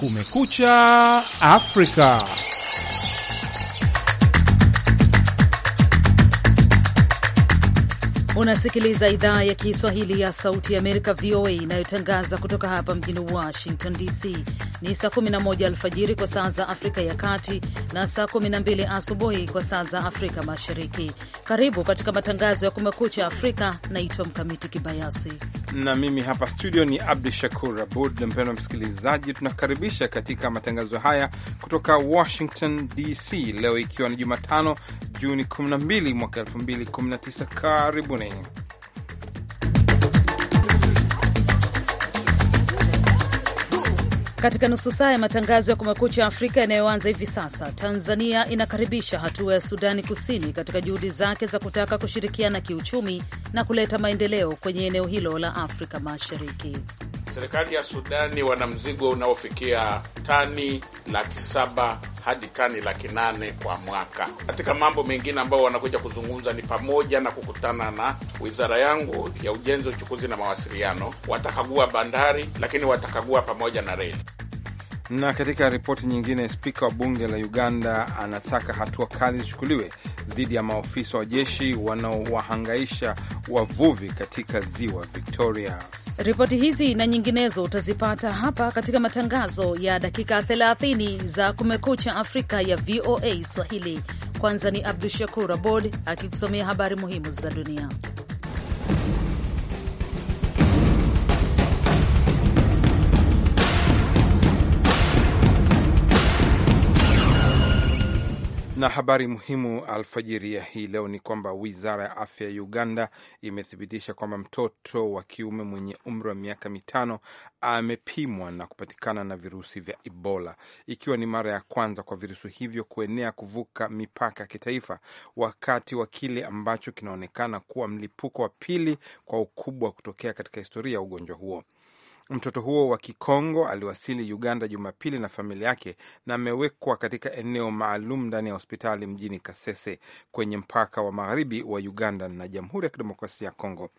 Kumekucha Afrika. Unasikiliza idhaa ya Kiswahili ya Sauti ya Amerika, VOA, inayotangaza kutoka hapa mjini Washington DC ni saa 11 alfajiri kwa saa za Afrika ya Kati na saa 12 asubuhi kwa saa za Afrika Mashariki. Karibu katika matangazo ya Kumekucha Afrika. Naitwa Mkamiti Kibayasi na mimi hapa studio ni Abdu Shakur Abud. Mpendwa msikilizaji, tunakaribisha katika matangazo haya kutoka Washington DC, leo ikiwa ni Jumatano Juni 12 mwaka 2019. Karibuni. Katika nusu saa ya matangazo ya Kumekucha Afrika yanayoanza hivi sasa, Tanzania inakaribisha hatua ya Sudani Kusini katika juhudi zake za kutaka kushirikiana kiuchumi na kuleta maendeleo kwenye eneo hilo la Afrika Mashariki. Serikali ya Sudani wana mzigo unaofikia tani laki saba hadi tani laki nane kwa mwaka. Katika mambo mengine ambayo wanakuja kuzungumza ni pamoja na kukutana na wizara yangu ya ujenzi, uchukuzi na mawasiliano, watakagua bandari, lakini watakagua pamoja na reli. Na katika ripoti nyingine, spika wa bunge la Uganda anataka hatua kali zichukuliwe dhidi ya maofisa wa jeshi wanaowahangaisha wavuvi katika ziwa Victoria. Ripoti hizi na nyinginezo utazipata hapa katika matangazo ya dakika 30 za Kumekucha Afrika ya VOA Swahili. Kwanza ni Abdu Shakur Abod akikusomea habari muhimu za dunia. Na habari muhimu alfajiri ya hii leo ni kwamba wizara ya afya ya Uganda imethibitisha kwamba mtoto wa kiume mwenye umri wa miaka mitano amepimwa na kupatikana na virusi vya Ebola, ikiwa ni mara ya kwanza kwa virusi hivyo kuenea kuvuka mipaka ya kitaifa, wakati wa kile ambacho kinaonekana kuwa mlipuko wa pili kwa ukubwa kutokea katika historia ya ugonjwa huo. Mtoto huo wa Kikongo aliwasili Uganda Jumapili na familia yake na amewekwa katika eneo maalum ndani ya hospitali mjini Kasese kwenye mpaka wa magharibi wa Uganda na Jamhuri ya Kidemokrasia ya Kongo.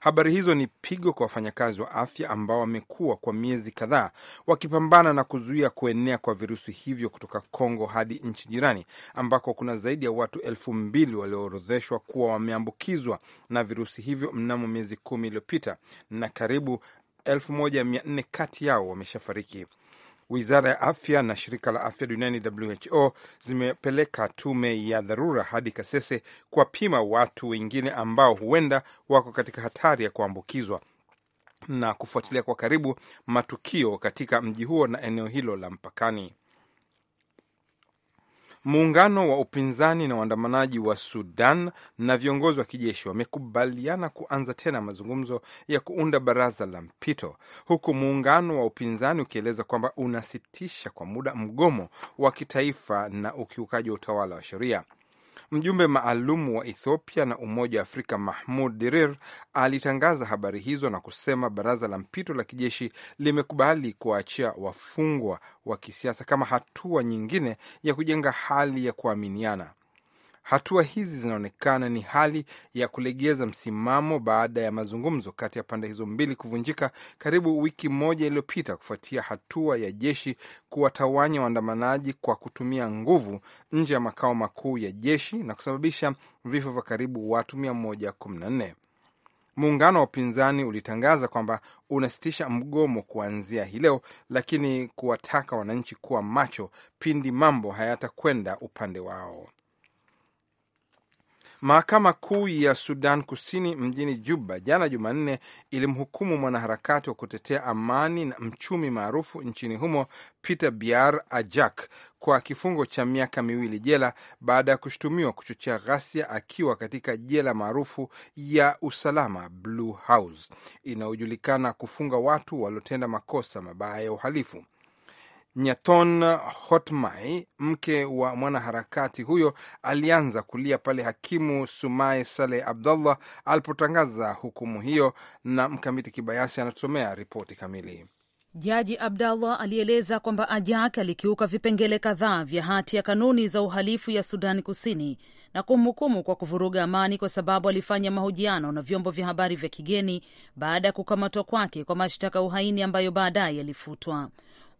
Habari hizo ni pigo kwa wafanyakazi wa afya ambao wamekuwa kwa miezi kadhaa wakipambana na kuzuia kuenea kwa virusi hivyo kutoka Kongo hadi nchi jirani ambako kuna zaidi ya watu elfu mbili walioorodheshwa kuwa wameambukizwa na virusi hivyo mnamo miezi kumi iliyopita na karibu 14 kati yao wameshafariki. Wizara ya afya na shirika la afya duniani WHO zimepeleka tume ya dharura hadi Kasese kuwapima watu wengine ambao huenda wako katika hatari ya kuambukizwa na kufuatilia kwa karibu matukio katika mji huo na eneo hilo la mpakani. Muungano wa upinzani na waandamanaji wa Sudan na viongozi wa kijeshi wamekubaliana kuanza tena mazungumzo ya kuunda baraza la mpito, huku muungano wa upinzani ukieleza kwamba unasitisha kwa muda mgomo wa kitaifa na ukiukaji wa utawala wa sheria. Mjumbe maalum wa Ethiopia na Umoja wa Afrika Mahmud Dirir alitangaza habari hizo na kusema baraza la mpito la kijeshi limekubali kuwaachia wafungwa wa kisiasa kama hatua nyingine ya kujenga hali ya kuaminiana. Hatua hizi zinaonekana ni hali ya kulegeza msimamo baada ya mazungumzo kati ya pande hizo mbili kuvunjika karibu wiki moja iliyopita kufuatia hatua ya jeshi kuwatawanya waandamanaji kwa kutumia nguvu nje ya makao makuu ya jeshi na kusababisha vifo vya karibu watu 114. Muungano wa upinzani ulitangaza kwamba unasitisha mgomo kuanzia hii leo, lakini kuwataka wananchi kuwa macho pindi mambo hayatakwenda upande wao. Mahakama Kuu ya Sudan Kusini mjini Juba jana Jumanne ilimhukumu mwanaharakati wa kutetea amani na mchumi maarufu nchini humo Peter Biar Ajak kwa kifungo cha miaka miwili jela baada ya kushutumiwa kuchochea ghasia akiwa katika jela maarufu ya usalama Blue House inayojulikana kufunga watu waliotenda makosa mabaya ya uhalifu. Nyaton Hotmai, mke wa mwanaharakati huyo, alianza kulia pale hakimu Sumai Saleh Abdullah alipotangaza hukumu hiyo, na Mkamiti Kibayasi anatusomea ripoti kamili. Jaji Abdallah alieleza kwamba Ajak alikiuka vipengele kadhaa vya hati ya kanuni za uhalifu ya Sudani Kusini na kumhukumu kwa kuvuruga amani kwa sababu alifanya mahojiano na vyombo vya habari vya kigeni baada ya kukamatwa kwake kwa mashtaka uhaini ambayo baadaye yalifutwa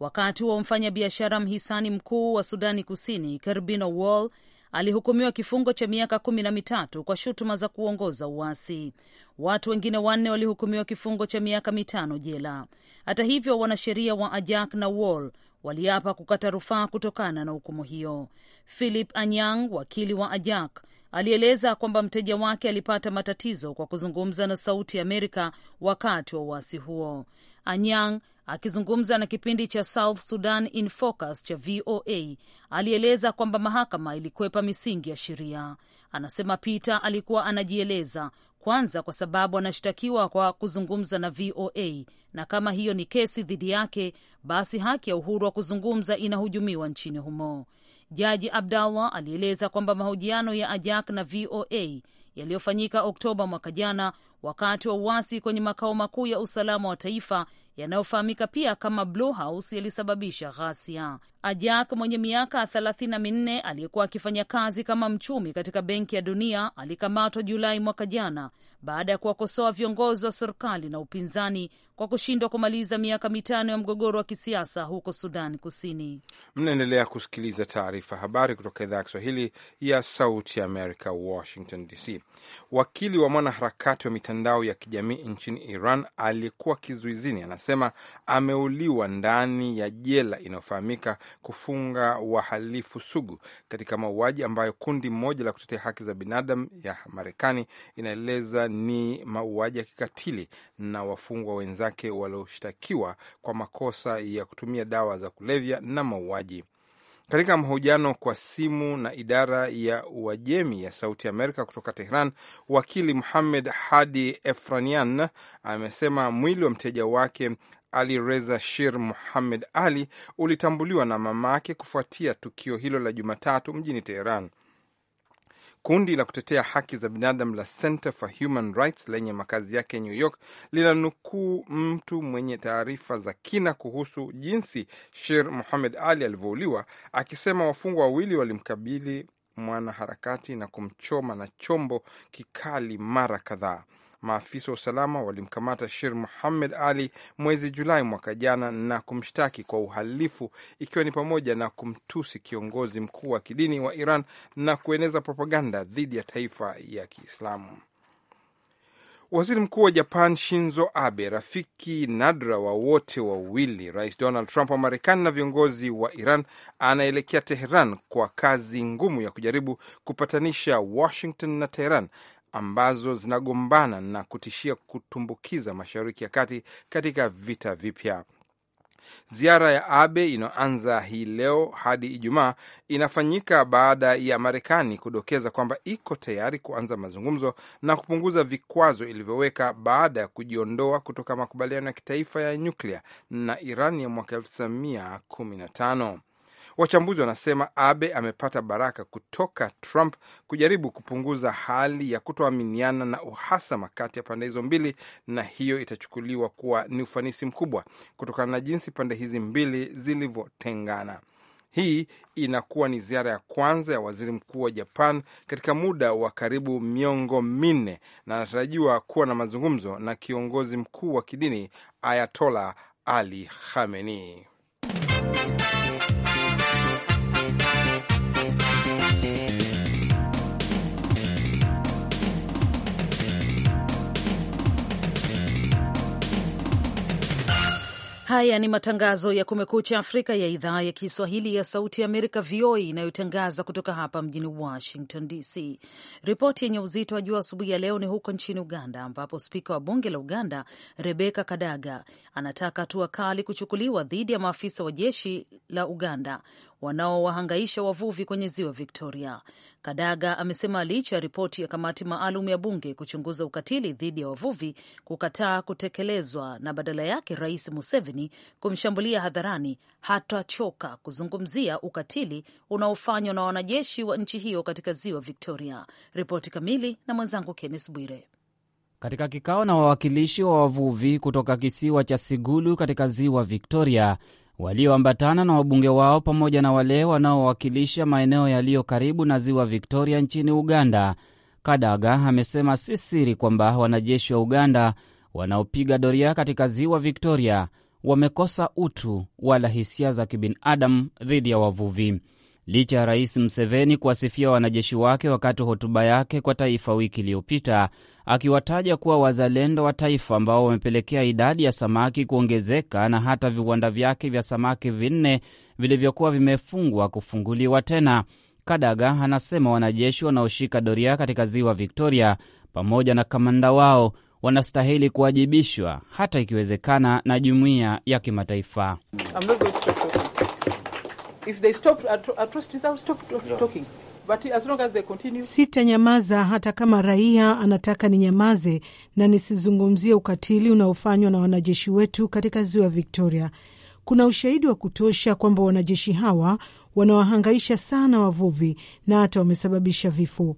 wakati wa mfanyabiashara mhisani mkuu wa Sudani Kusini Carbino Wall alihukumiwa kifungo cha miaka kumi na mitatu kwa shutuma za kuongoza uasi. Watu wengine wanne walihukumiwa kifungo cha miaka mitano jela. Hata hivyo, wanasheria wa Ajak na Wall waliapa kukata rufaa kutokana na hukumu hiyo. Philip Anyang, wakili wa Ajak, alieleza kwamba mteja wake alipata matatizo kwa kuzungumza na Sauti ya Amerika wakati wa uasi huo. Anyang Akizungumza na kipindi cha South Sudan in Focus cha VOA, alieleza kwamba mahakama ilikwepa misingi ya sheria. Anasema Peter alikuwa anajieleza kwanza kwa sababu anashtakiwa kwa kuzungumza na VOA na kama hiyo ni kesi dhidi yake, basi haki ya uhuru wa kuzungumza inahujumiwa nchini humo. Jaji Abdallah alieleza kwamba mahojiano ya Ajak na VOA yaliyofanyika Oktoba mwaka jana wakati wa uasi kwenye makao makuu ya usalama wa taifa yanayofahamika pia kama Blue House yalisababisha ghasia. Ajak mwenye miaka thelathini na minne aliyekuwa akifanya kazi kama mchumi katika Benki ya Dunia alikamatwa Julai mwaka jana baada ya kuwakosoa viongozi wa serikali na upinzani kwa kushindwa kumaliza miaka mitano ya mgogoro wa kisiasa huko Sudan Kusini. Mnaendelea kusikiliza taarifa habari kutoka idhaa ya Kiswahili ya Sauti Amerika, Washington DC. Wakili wa mwanaharakati wa mitandao ya kijamii nchini Iran aliyekuwa kizuizini anasema ameuliwa ndani ya jela inayofahamika kufunga wahalifu sugu katika mauaji ambayo kundi moja la kutetea haki za binadamu ya Marekani inaeleza ni mauaji ya kikatili na wafungwa wenzake walioshtakiwa kwa makosa ya kutumia dawa za kulevya na mauaji. Katika mahojiano kwa simu na idara ya Uajemi ya Sauti Amerika kutoka Tehran, wakili Muhamed Hadi Efranian amesema mwili wa mteja wake Ali Reza Shir Muhamed Ali ulitambuliwa na mamake kufuatia tukio hilo la Jumatatu mjini Teheran. Kundi la kutetea haki za binadamu la Center for Human Rights lenye makazi yake New York linanukuu mtu mwenye taarifa za kina kuhusu jinsi sher Muhamed Ali alivyouliwa akisema wafungwa wawili walimkabili mwanaharakati na kumchoma na chombo kikali mara kadhaa. Maafisa wa usalama walimkamata Shir muhammed Ali mwezi Julai mwaka jana na kumshtaki kwa uhalifu, ikiwa ni pamoja na kumtusi kiongozi mkuu wa kidini wa Iran na kueneza propaganda dhidi ya taifa ya Kiislamu. Waziri Mkuu wa Japan Shinzo Abe, rafiki nadra wa wote wawili, Rais Donald Trump wa Marekani na viongozi wa Iran, anaelekea Teheran kwa kazi ngumu ya kujaribu kupatanisha Washington na Teheran ambazo zinagombana na kutishia kutumbukiza Mashariki ya Kati katika vita vipya. Ziara ya Abe inayoanza hii leo hadi Ijumaa inafanyika baada ya Marekani kudokeza kwamba iko tayari kuanza mazungumzo na kupunguza vikwazo ilivyoweka baada ya kujiondoa kutoka makubaliano ya kitaifa ya nyuklia na Iran ya mwaka 1915. Wachambuzi wanasema Abe amepata baraka kutoka Trump kujaribu kupunguza hali ya kutoaminiana na uhasama kati ya pande hizo mbili, na hiyo itachukuliwa kuwa ni ufanisi mkubwa kutokana na jinsi pande hizi mbili zilivyotengana. Hii inakuwa ni ziara ya kwanza ya waziri mkuu wa Japan katika muda wa karibu miongo minne na anatarajiwa kuwa na mazungumzo na kiongozi mkuu wa kidini Ayatola Ali Khamenei. Haya ni matangazo ya Kumekucha Afrika ya idhaa ya Kiswahili ya Sauti ya Amerika, VOA, inayotangaza kutoka hapa mjini Washington DC. Ripoti yenye uzito wa juu asubuhi ya leo ni huko nchini Uganda, ambapo spika wa bunge la Uganda Rebeka Kadaga anataka hatua kali kuchukuliwa dhidi ya maafisa wa jeshi la Uganda wanaowahangaisha wavuvi kwenye ziwa Victoria. Kadaga amesema licha ya ripoti ya kamati maalum ya bunge kuchunguza ukatili dhidi ya wavuvi kukataa kutekelezwa na badala yake Rais Museveni kumshambulia hadharani, hatachoka kuzungumzia ukatili unaofanywa na wanajeshi wa nchi hiyo katika ziwa Victoria. Ripoti kamili na mwenzangu kennes Bwire. Katika kikao na wawakilishi wa wavuvi kutoka kisiwa cha Sigulu katika ziwa Victoria, walioambatana na wabunge wao pamoja na wale wanaowakilisha maeneo yaliyo karibu na ziwa Victoria nchini Uganda. Kadaga amesema si siri kwamba wanajeshi wa Uganda wanaopiga doria katika ziwa Victoria wamekosa utu wala hisia za kibinadamu dhidi ya wavuvi licha ya Rais Mseveni kuwasifia wanajeshi wake wakati wa hotuba yake kwa taifa wiki iliyopita, akiwataja kuwa wazalendo wa taifa ambao wamepelekea idadi ya samaki kuongezeka na hata viwanda vyake vya samaki vinne vilivyokuwa vimefungwa kufunguliwa tena. Kadaga anasema wanajeshi wanaoshika doria katika ziwa Victoria pamoja na kamanda wao wanastahili kuwajibishwa hata ikiwezekana na jumuiya ya kimataifa. If they stop atrocities, I will stop talking. But as long as they continue... Sitanyamaza hata kama raia anataka ninyamaze na nisizungumzie ukatili unaofanywa na wanajeshi wetu katika ziwa Victoria. Kuna ushahidi wa kutosha kwamba wanajeshi hawa wanawahangaisha sana wavuvi na hata wamesababisha vifo.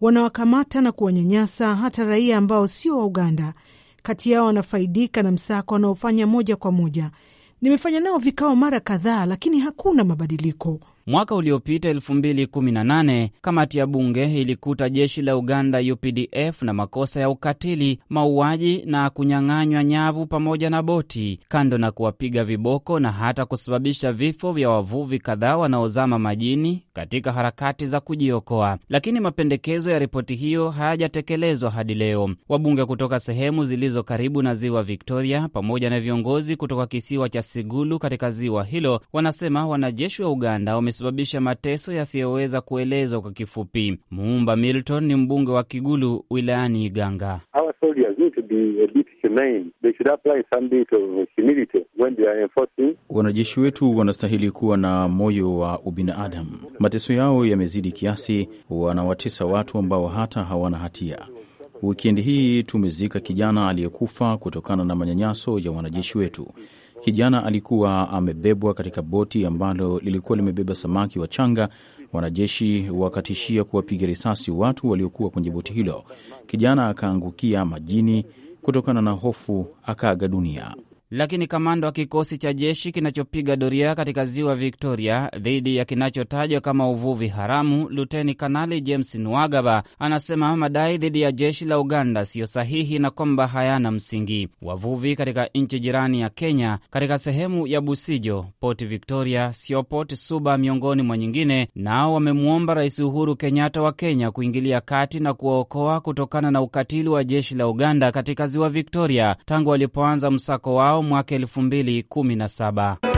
Wanawakamata na kuwanyanyasa hata raia ambao sio wa Uganda. Kati yao wanafaidika na msako wanaofanya moja kwa moja, Nimefanya nao vikao mara kadhaa, lakini hakuna mabadiliko. Mwaka uliopita 2018, kamati ya bunge ilikuta jeshi la Uganda UPDF na makosa ya ukatili, mauaji na kunyang'anywa nyavu pamoja na boti, kando na kuwapiga viboko na hata kusababisha vifo vya wavuvi kadhaa wanaozama majini katika harakati za kujiokoa. Lakini mapendekezo ya ripoti hiyo hayajatekelezwa hadi leo. Wabunge kutoka sehemu zilizo karibu na ziwa Victoria pamoja na viongozi kutoka kisiwa cha Sigulu katika ziwa hilo wanasema wanajeshi wa Uganda wame yamesababisha mateso yasiyoweza kuelezwa kwa kifupi. Muumba Milton ni mbunge wa Kigulu wilayani Iganga. Wanajeshi wetu wanastahili kuwa na moyo wa ubinadamu. Mateso yao yamezidi kiasi, wanawatesa watu ambao hata hawana hatia. Wikendi hii tumezika kijana aliyekufa kutokana na manyanyaso ya wanajeshi wetu. Kijana alikuwa amebebwa katika boti ambalo lilikuwa limebeba samaki wa changa Wanajeshi wakatishia kuwapiga risasi watu waliokuwa kwenye boti hilo. Kijana akaangukia majini kutokana na hofu, akaaga dunia lakini kamanda wa kikosi cha jeshi kinachopiga doria katika ziwa Victoria dhidi ya kinachotajwa kama uvuvi haramu, luteni kanali James Nwagaba anasema madai dhidi ya jeshi la Uganda siyo sahihi na kwamba hayana msingi. Wavuvi katika nchi jirani ya Kenya, katika sehemu ya Busijo, Port Victoria, Sioport, Suba miongoni mwa nyingine, nao wamemwomba Rais Uhuru Kenyatta wa Kenya kuingilia kati na kuwaokoa kutokana na ukatili wa jeshi la Uganda katika ziwa Victoria tangu walipoanza msako wao mwaka 2017.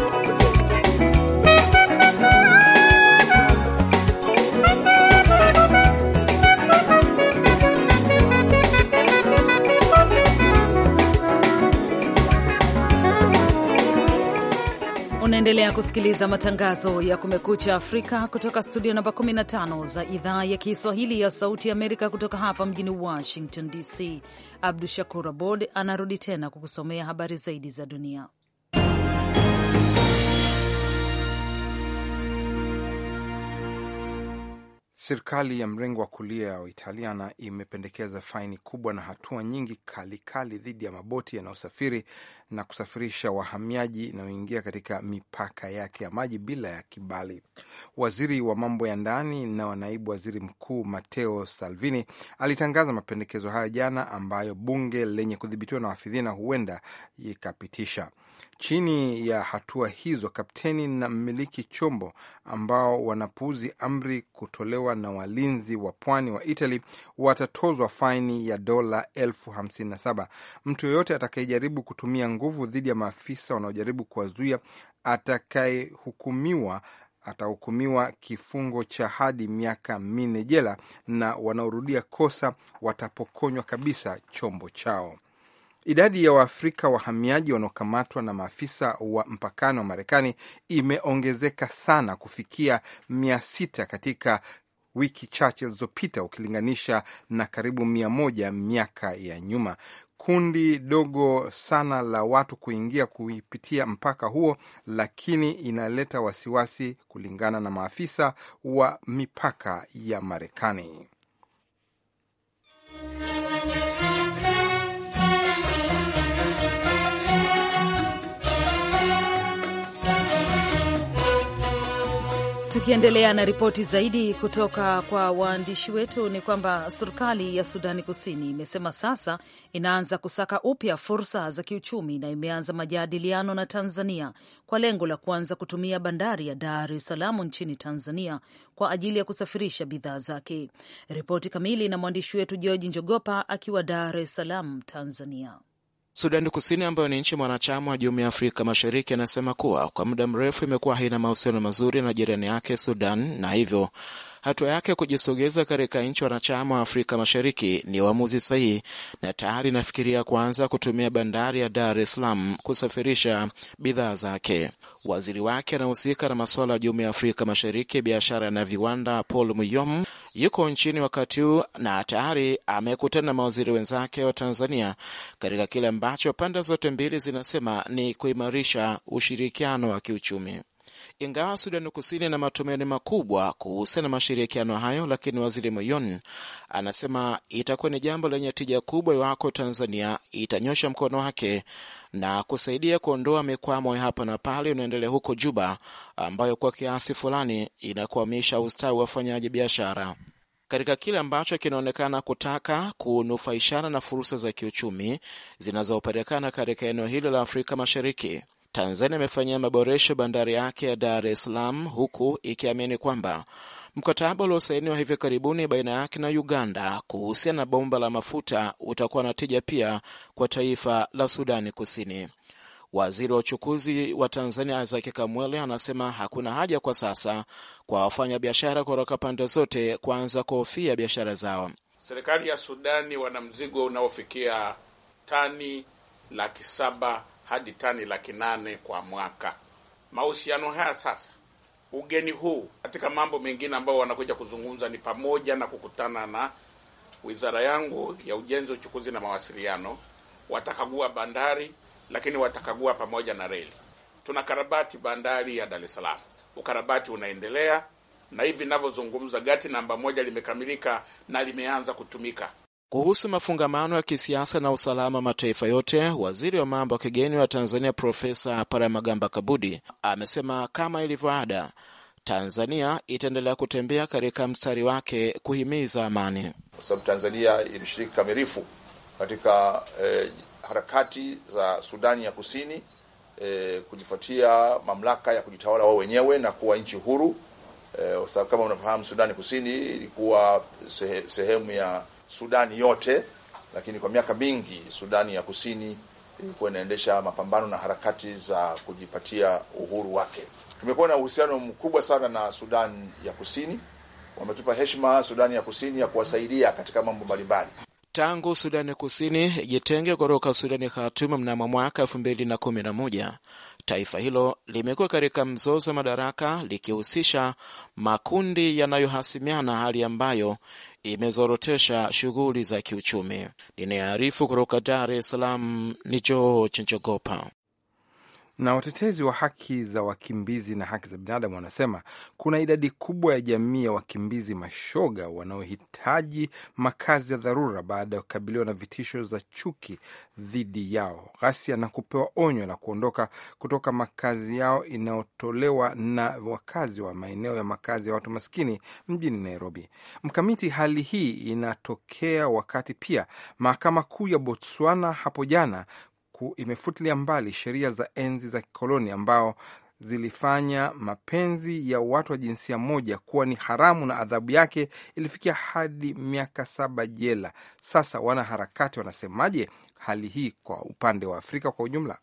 Unaendelea kusikiliza matangazo ya Kumekucha Afrika kutoka studio namba 15 za idhaa ya Kiswahili ya Sauti ya Amerika kutoka hapa mjini Washington DC. Abdu Shakur Abod anarudi tena kukusomea habari zaidi za dunia. Serikali ya mrengo wa kulia wa Italiana imependekeza faini kubwa na hatua nyingi kalikali kali dhidi ya maboti yanayosafiri na kusafirisha wahamiaji inayoingia katika mipaka yake ya maji bila ya kibali. Waziri wa mambo ya ndani na naibu waziri mkuu Matteo Salvini alitangaza mapendekezo hayo jana, ambayo bunge lenye kudhibitiwa na wafidhina huenda ikapitisha. Chini ya hatua hizo, kapteni na mmiliki chombo ambao wanapuuzi amri kutolewa na walinzi wa pwani wa Italy watatozwa faini ya dola elfu hamsini na saba. Mtu yoyote atakayejaribu kutumia nguvu dhidi ya maafisa wanaojaribu kuwazuia atakayehukumiwa atahukumiwa kifungo cha hadi miaka minne jela, na wanaorudia kosa watapokonywa kabisa chombo chao. Idadi ya Waafrika wahamiaji wanaokamatwa na maafisa wa mpakani wa Marekani imeongezeka sana kufikia mia sita katika wiki chache zilizopita ukilinganisha na karibu mia moja miaka ya nyuma. Kundi dogo sana la watu kuingia kuipitia mpaka huo, lakini inaleta wasiwasi kulingana na maafisa wa mipaka ya Marekani. Tukiendelea na ripoti zaidi kutoka kwa waandishi wetu ni kwamba serikali ya Sudani Kusini imesema sasa inaanza kusaka upya fursa za kiuchumi na imeanza majadiliano na Tanzania kwa lengo la kuanza kutumia bandari ya Dar es Salaam nchini Tanzania kwa ajili ya kusafirisha bidhaa zake. Ripoti kamili na mwandishi wetu George Njogopa akiwa Dar es Salaam, Tanzania. Sudani Kusini ambayo ni nchi mwanachama wa Jumuiya ya Afrika Mashariki anasema kuwa kwa muda mrefu imekuwa haina mahusiano mazuri na jirani yake Sudan, na hivyo hatua yake kujisogeza katika nchi wanachama wa Afrika Mashariki ni uamuzi sahihi, na tayari inafikiria kuanza kutumia bandari ya Dar es Salaam kusafirisha bidhaa zake. Waziri wake anahusika na masuala ya Jumuiya ya Afrika Mashariki, biashara na viwanda, Paul Muyom yuko nchini wakati huu na tayari amekutana na mawaziri wenzake wa Tanzania katika kile ambacho pande zote mbili zinasema ni kuimarisha ushirikiano wa kiuchumi. Ingawa Sudani Kusini na matumaini makubwa kuhusiana na mashirikiano hayo, lakini waziri Moyon anasema itakuwa ni jambo lenye tija kubwa iwako Tanzania itanyosha mkono wake na kusaidia kuondoa mikwamo ya hapa na pale inaendelea huko Juba, ambayo kwa kiasi fulani inakwamisha ustawi wa wafanyaji biashara katika kile ambacho kinaonekana kutaka kunufaishana na fursa za kiuchumi zinazopatikana katika eneo hilo la Afrika Mashariki. Tanzania imefanyia maboresho bandari yake ya Dar es Salaam huku ikiamini kwamba mkataba uliosainiwa hivi karibuni baina yake na Uganda kuhusiana na bomba la mafuta utakuwa na tija pia kwa taifa la Sudani Kusini. Waziri wa uchukuzi wa Tanzania Isaac Kamwele anasema hakuna haja kwa sasa kwa wafanyabiashara kutoka pande zote kuanza kuhofia biashara zao. Serikali ya Sudani wana mzigo unaofikia tani laki saba hadi tani laki nane kwa mwaka. Mahusiano haya sasa, ugeni huu katika mambo mengine ambayo wanakuja kuzungumza ni pamoja na kukutana na wizara yangu ya ujenzi, uchukuzi na mawasiliano, watakagua bandari, lakini watakagua pamoja na reli. tuna karabati bandari ya Dar es Salaam, ukarabati unaendelea na hivi ninavyozungumza, gati namba moja limekamilika na limeanza kutumika. Kuhusu mafungamano ya kisiasa na usalama mataifa yote, waziri wa mambo ya kigeni wa Tanzania Profesa Paramagamba Kabudi amesema kama ilivyo ada, Tanzania itaendelea kutembea katika mstari wake kuhimiza amani, kwa sababu Tanzania ilishiriki kamilifu katika eh, harakati za Sudani ya Kusini E, kujipatia mamlaka ya kujitawala wao wenyewe na kuwa nchi huru eh, kwa sababu kama unafahamu Sudani Kusini ilikuwa sehemu ya Sudani yote, lakini kwa miaka mingi Sudani ya Kusini ilikuwa inaendesha mapambano na harakati za kujipatia uhuru wake. Tumekuwa na uhusiano mkubwa sana na Sudani ya Kusini, wametupa heshima Sudani ya Kusini ya kuwasaidia katika mambo mbalimbali. Tangu Sudani Kusini jitenge kutoka Sudani Khartoum mnamo mwaka 2011 taifa hilo limekuwa katika mzozo wa madaraka likihusisha makundi yanayohasimiana, hali ambayo imezorotesha shughuli za kiuchumi. Ninayearifu kutoka Dar es Salaam ni Joo Njogopa. Na watetezi wa haki za wakimbizi na haki za binadamu wanasema kuna idadi kubwa ya jamii ya wakimbizi mashoga wanaohitaji makazi ya dharura baada ya kukabiliwa na vitisho za chuki dhidi yao, ghasia na kupewa onyo la kuondoka kutoka makazi yao inayotolewa na wakazi wa maeneo ya makazi ya watu maskini mjini Nairobi. Mkamiti, hali hii inatokea wakati pia mahakama kuu ya Botswana hapo jana imefutilia mbali sheria za enzi za kikoloni ambao zilifanya mapenzi ya watu wa jinsia moja kuwa ni haramu na adhabu yake ilifikia hadi miaka saba jela. Sasa wanaharakati wanasemaje hali hii kwa upande wa Afrika kwa ujumla?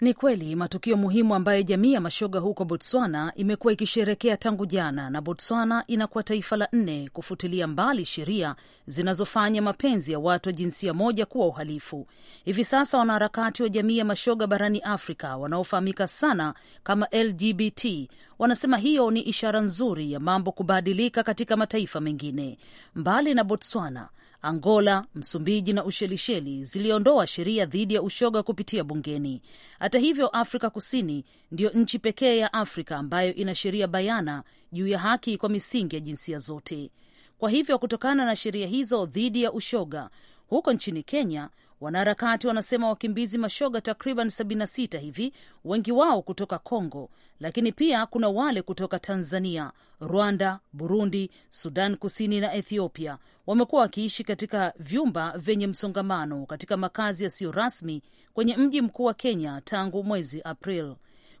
Ni kweli matukio muhimu ambayo jamii ya mashoga huko Botswana imekuwa ikisherekea tangu jana, na Botswana inakuwa taifa la nne kufutilia mbali sheria zinazofanya mapenzi ya watu wa jinsia moja kuwa uhalifu. Hivi sasa wanaharakati wa jamii ya mashoga barani Afrika wanaofahamika sana kama LGBT wanasema hiyo ni ishara nzuri ya mambo kubadilika katika mataifa mengine. Mbali na Botswana, Angola, Msumbiji na Ushelisheli ziliondoa sheria dhidi ya ushoga kupitia bungeni. Hata hivyo, Afrika Kusini ndiyo nchi pekee ya Afrika ambayo ina sheria bayana juu ya haki kwa misingi ya jinsia zote. Kwa hivyo, kutokana na sheria hizo dhidi ya ushoga huko nchini Kenya, Wanaharakati wanasema wakimbizi mashoga takriban 76 hivi, wengi wao kutoka congo lakini pia kuna wale kutoka Tanzania, Rwanda, Burundi, Sudan Kusini na Ethiopia wamekuwa wakiishi katika vyumba vyenye msongamano katika makazi yasiyo rasmi kwenye mji mkuu wa Kenya tangu mwezi april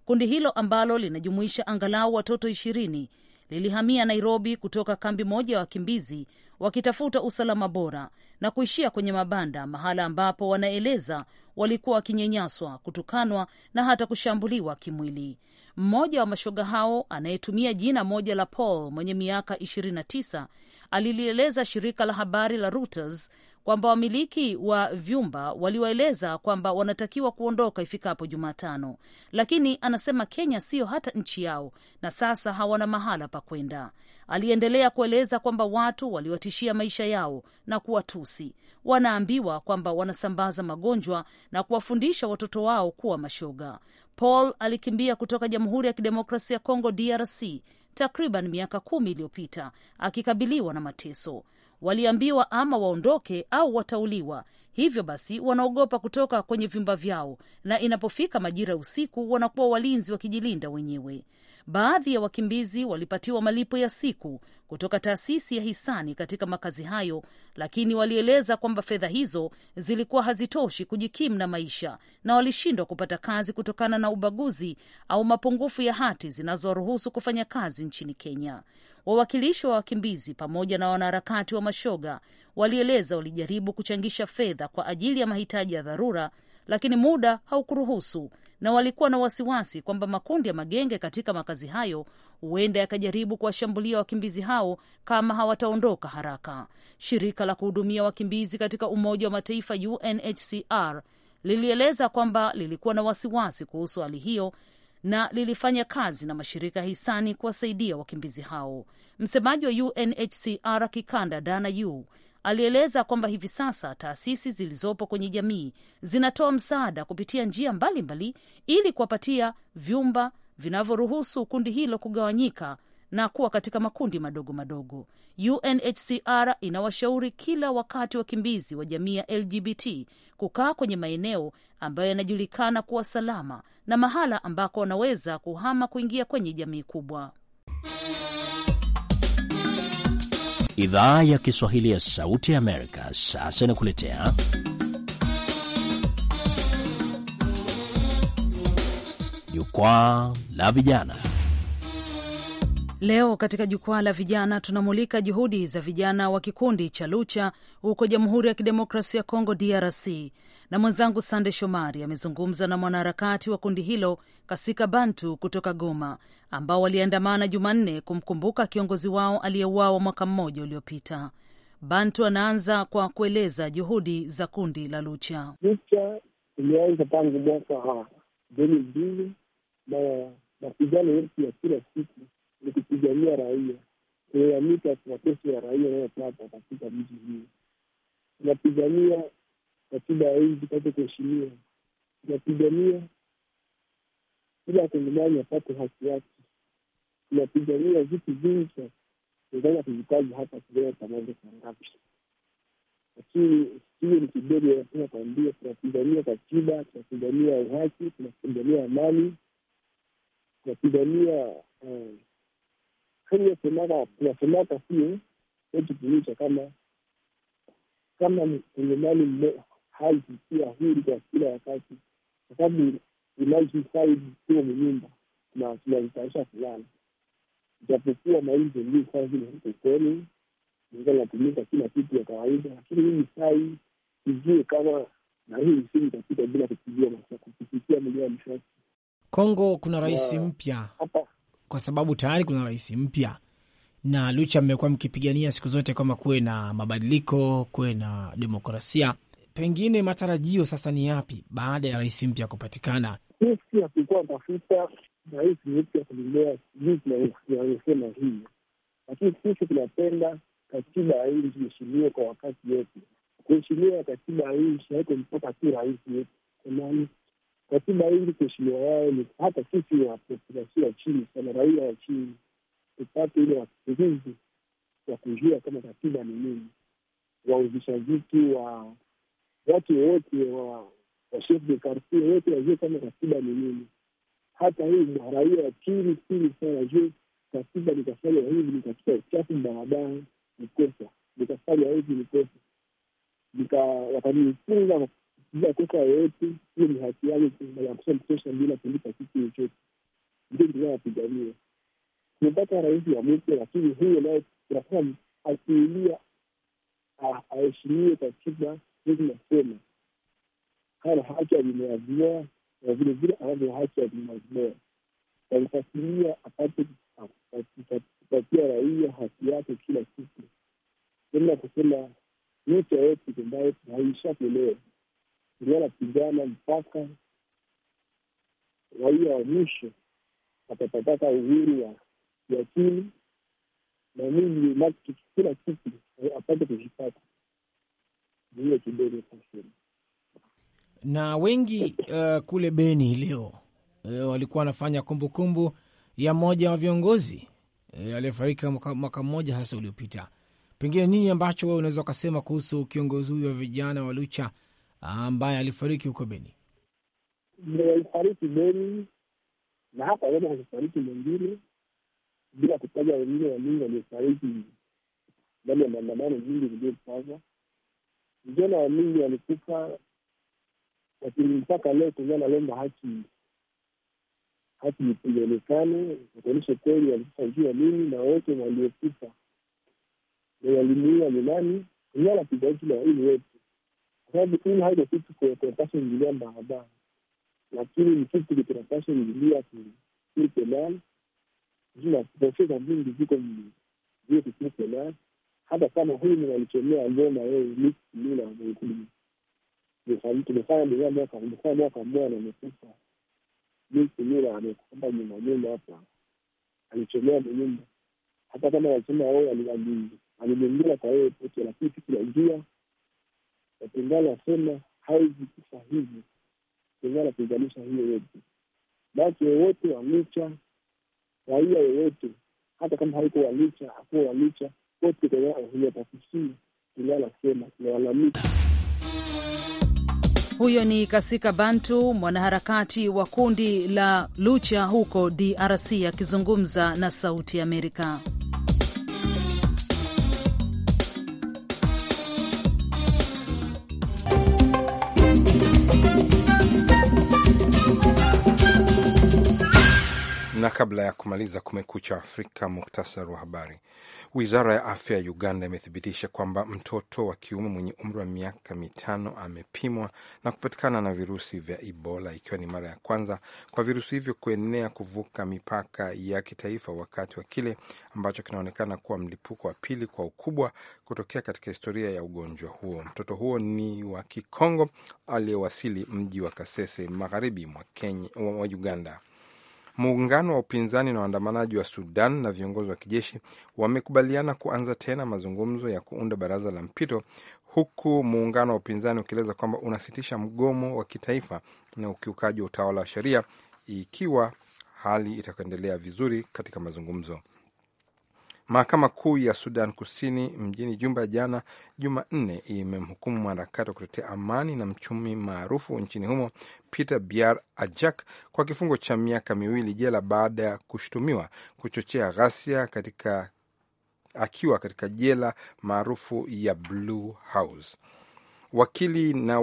Kundi hilo ambalo linajumuisha angalau watoto ishirini lilihamia Nairobi kutoka kambi moja ya wa wakimbizi wakitafuta usalama bora na kuishia kwenye mabanda, mahala ambapo wanaeleza walikuwa wakinyanyaswa, kutukanwa na hata kushambuliwa kimwili. Mmoja wa mashoga hao anayetumia jina moja la Paul mwenye miaka alilieleza shirika la habari la Reuters kwamba wamiliki wa vyumba waliwaeleza kwamba wanatakiwa kuondoka ifikapo Jumatano, lakini anasema Kenya siyo hata nchi yao na sasa hawana mahala pa kwenda. Aliendelea kueleza kwamba watu waliwatishia maisha yao na kuwatusi. Wanaambiwa kwamba wanasambaza magonjwa na kuwafundisha watoto wao kuwa mashoga. Paul alikimbia kutoka Jamhuri ya Kidemokrasia ya Kongo, DRC, takriban miaka kumi iliyopita akikabiliwa na mateso. Waliambiwa ama waondoke au watauliwa. Hivyo basi wanaogopa kutoka kwenye vyumba vyao, na inapofika majira ya usiku wanakuwa walinzi wakijilinda wenyewe. Baadhi ya wakimbizi walipatiwa malipo ya siku kutoka taasisi ya hisani katika makazi hayo, lakini walieleza kwamba fedha hizo zilikuwa hazitoshi kujikimu na maisha na walishindwa kupata kazi kutokana na ubaguzi au mapungufu ya hati zinazoruhusu kufanya kazi nchini Kenya. Wawakilishi wa wakimbizi pamoja na wanaharakati wa mashoga walieleza walijaribu kuchangisha fedha kwa ajili ya mahitaji ya dharura, lakini muda haukuruhusu na walikuwa na wasiwasi kwamba makundi ya magenge katika makazi hayo huenda yakajaribu kuwashambulia wakimbizi hao kama hawataondoka haraka. Shirika la kuhudumia wakimbizi katika Umoja wa Mataifa UNHCR lilieleza kwamba lilikuwa na wasiwasi kuhusu hali hiyo na lilifanya kazi na mashirika hisani kuwasaidia wakimbizi hao. Msemaji wa UNHCR kikanda Dana Yu Alieleza kwamba hivi sasa taasisi zilizopo kwenye jamii zinatoa msaada kupitia njia mbalimbali mbali, ili kuwapatia vyumba vinavyoruhusu kundi hilo kugawanyika na kuwa katika makundi madogo madogo. UNHCR inawashauri kila wakati wakimbizi wa jamii ya LGBT kukaa kwenye maeneo ambayo yanajulikana kuwa salama na mahala ambako wanaweza kuhama kuingia kwenye jamii kubwa. Idhaa ya Kiswahili ya Sauti ya Amerika sasa inakuletea Jukwaa la Vijana. Leo katika Jukwaa la Vijana tunamulika juhudi za vijana wa kikundi cha Lucha huko Jamhuri ya Kidemokrasia ya Kongo, DRC, na mwenzangu Sande Shomari amezungumza na mwanaharakati wa kundi hilo Kasika Bantu kutoka Goma, ambao waliandamana Jumanne kumkumbuka kiongozi wao aliyeuawa mwaka mmoja uliopita. Bantu anaanza kwa kueleza juhudi za kundi la Lucha. Lucha ilianza tangu mwaka wa elfu mbili na mapigano yetu ya kila siku ni kupigania raia, kulalamika mateso ya raia anayopata katika mji hii tunapigania katiba ya nchi ipate kuheshimiwa. Tunapigania kila Mkongomani apate haki yake. Tunapigania vitu vingi tunaweza kuvitaji hapa, sijaa pamoja kwa ngapi, lakini hiyo ni kidogo ya kuwa kwambia, tunapigania katiba, tunapigania uhaki, tunapigania amani, tunapigania kama tunasemaka sio etu kilicha kama kama Mkongomani mmoja hali haikusikia huru kwa kila wakati, kwa sababu inaihifadhi kiwa mnyumba na tunazitaisha fulani, ijapokuwa maizi ndio kama vile sokoni ingali natumika kila kitu ya kawaida, lakini hii sai sijue kama na hii msimu itapita bila kupigia kupitia milio ya Kongo kuna rais mpya kwa sababu tayari kuna rais mpya na Lucha, mmekuwa mkipigania siku zote kwamba kuwe na mabadiliko, kuwe na demokrasia pengine matarajio sasa ni yapi baada ya rais mpya kupatikana? Sisi hatukuwa tafuta rais mpya kulingea jinsi inavyosema hiyo, lakini sisi tunapenda katiba ya nchi iheshimiwe kwa wakati wetu. Kuheshimiwa katiba ya nchi haiko mpaka tu rais wetu amani. Katiba ya nchi kuheshimiwa wao ni hata sisi wapopulasi wa chini sana, raia wa chini, tupate ile wasikilizi wa kujua kama katiba ni nini, wauzisha vitu wa watu wote wa chef de quartier wote wajue kama katiba ni nini. Hata hii maraia wakili chini sana wajue katiba, nikafanya hivi nikatupa uchafu barabara nikosa, nikafanya hivi nikosa, wakanifunga bila kosa yoyote. Hiyo ni haki yangu ya kusoma bila kulipa kitu chochote, ndio tunayopigania. Tumepata rais wa mke, lakini huyo naye tunataka akiulia aheshimiwe katiba nasema hana haki alimeazia na vilevile anavyo haki alimeazia Walifasiria apate kupatia raia haki yake kila siku, namna kusema mita yetu ambayo haishatolewa inanapigana mpaka raia wa mwisho atapataka uhuru wa kiakili na mili kila siku apate kujipata hiyo kibeni kusini Na wengi uh, kule Beni leo uh, walikuwa wanafanya kumbukumbu ya mmoja wa viongozi uh, aliyefariki mwaka mmoja hasa uliopita. Pengine nini ambacho wewe unaweza ukasema kuhusu kiongozi huyu wa vijana wa Lucha uh, ambaye alifariki huko Beni? Ndio, alifariki Beni na hapa weza kufariki mwingine bila kutaja wengine wa mingi waliofariki ndani ya maandamano mingi zilizofanywa vijana mingi walikufa, lakini mpaka leo tungana lomba haki haki ipaonekane kuonyesha kweli walikufanjia nini na wote waliokufa na walimuua ni nani, tungana kizaiki na wawili wetu, kwa sababu ili haja kitu kunapasha ingilia barabara, lakini ni kitu kinapasha ingilia kikuu penal juu na profesa mingi ziko vio kikuu hata kama huyu ni hili walikemea Goma lila tumefanya mwaka mmoja na amekufa lila amekufa nyuma nyuma hapa alikemea mwenyumba, hata kama alisema aligongela kwa yeye pote lakini tukiajia wapingana asema haizi kufa hivi pingana kuzalisha hiyo yote. basi wa walicha raia yoyote hata kama haiko walicha akuwa walicha ripoti kwenye taasisi ile, anasema Huyo ni Kasika Bantu, mwanaharakati wa kundi la Lucha huko DRC akizungumza na Sauti Amerika. Na kabla ya kumaliza Kumekucha Afrika, muktasari wa habari. Wizara ya afya ya Uganda imethibitisha kwamba mtoto wa kiume mwenye umri wa miaka mitano amepimwa na kupatikana na virusi vya Ebola, ikiwa ni mara ya kwanza kwa virusi hivyo kuenea kuvuka mipaka ya kitaifa, wakati wa kile ambacho kinaonekana kuwa mlipuko wa pili kwa ukubwa kutokea katika historia ya ugonjwa huo. Mtoto huo ni wa Kikongo aliyewasili mji wa Kasese, magharibi mwa Uganda. Muungano wa upinzani na waandamanaji wa Sudan na viongozi wa kijeshi wamekubaliana kuanza tena mazungumzo ya kuunda baraza la mpito, huku muungano wa upinzani ukieleza kwamba unasitisha mgomo wa kitaifa na ukiukaji wa utawala wa sheria ikiwa hali itaendelea vizuri katika mazungumzo. Mahakama Kuu ya Sudan Kusini mjini Jumba jana Jumanne imemhukumu mwanaharakati wa kutetea amani na mchumi maarufu nchini humo Peter Biar Ajak kwa kifungo cha miaka miwili jela baada ya kushutumiwa kuchochea ghasia katika akiwa katika jela maarufu ya Blue House. Wakili na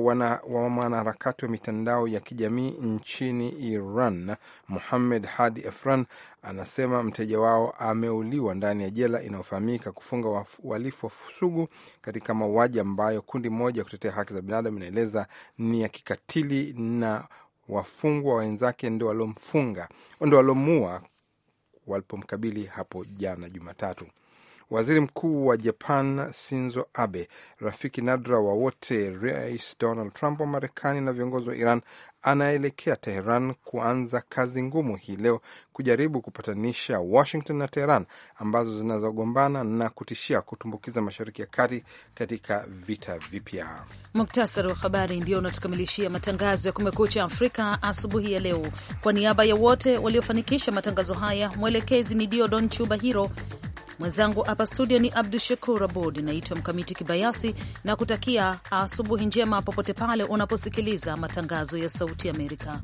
mwanaharakati wa mitandao ya kijamii nchini Iran, Muhammad Hadi Efran, anasema mteja wao ameuliwa ndani ya jela inayofahamika kufunga uhalifu wa sugu katika mauaji ambayo kundi moja ya kutetea haki za binadamu inaeleza ni ya kikatili na wafungwa wenzake ndio waliomfunga, ndio waliomuua walipomkabili hapo jana Jumatatu. Waziri Mkuu wa Japan Shinzo Abe, rafiki nadra wa wote Rais Donald Trump wa Marekani na viongozi wa Iran, anaelekea Teheran kuanza kazi ngumu hii leo kujaribu kupatanisha Washington na Teheran ambazo zinazogombana na kutishia kutumbukiza Mashariki ya Kati katika vita vipya. Muktasari wa habari ndio unatukamilishia matangazo ya Kumekucha Afrika asubuhi ya leo. Kwa niaba ya wote waliofanikisha matangazo haya, mwelekezi ni Diodon Chuba Hiro. Mwenzangu hapa studio ni Abdu Shakur Abud, naitwa Mkamiti Kibayasi na kutakia asubuhi njema popote pale unaposikiliza matangazo ya Sauti Amerika.